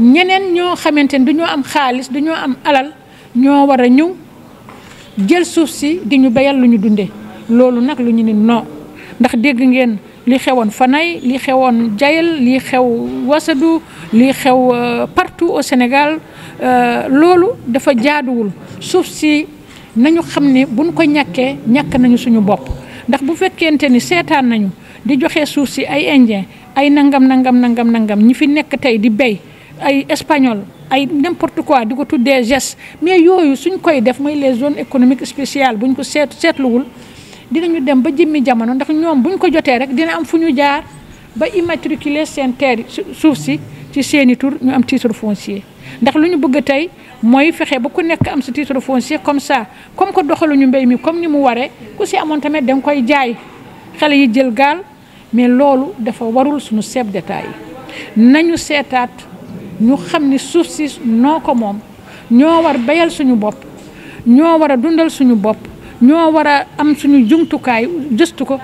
ñeneen ñoo xamante ni duñoo am xaalis duñoo am alal ñoo war a ñëw jël suuf si di ñu bayal lu ñu dundee loolu nag lu ñu ni non ndax dégg ngeen li xewoon fanay li xewoon Jayel li xew wasadu li xew euh, partout au Sénégal euh, loolu dafa jaaduwul suuf si nañu xam ne buñ ko ñàkkee ñàkk nañu suñu bopp ndax bu fekkente ni seetaan nañu di joxe suuf si ay indien ay nangam nangam nangam nangam ñi fi nekk tey di bay ay espagnol ay n'importe quoi di ko tuddee geste mais yooyu suñ koy def mooy les zones économiques spéciales ñu ko seet seetluwul dinañu dem ba jimmi jamono ndax ñoom ñu ko jotee rek dina am fu ñu jaar ba immatriculer seen terre suuf si ci seeni tur ñu am titre foncier ndax lu ñu bëgg tey mooy fexe ba ku nekk am sa titre foncier comme ça comme ko doxaluñu mbéy mi comme ni mu waree ku si amoon tamit da koy jaay xale yi jël gaal mais loolu dafa warul suñu chef d'État yi ñu xam ni suuf si noo ko moom ñoo war bayal suñu bopp ñoo war a dundal suñu bopp ñoo war a am suñu jumtukaay gëstu ko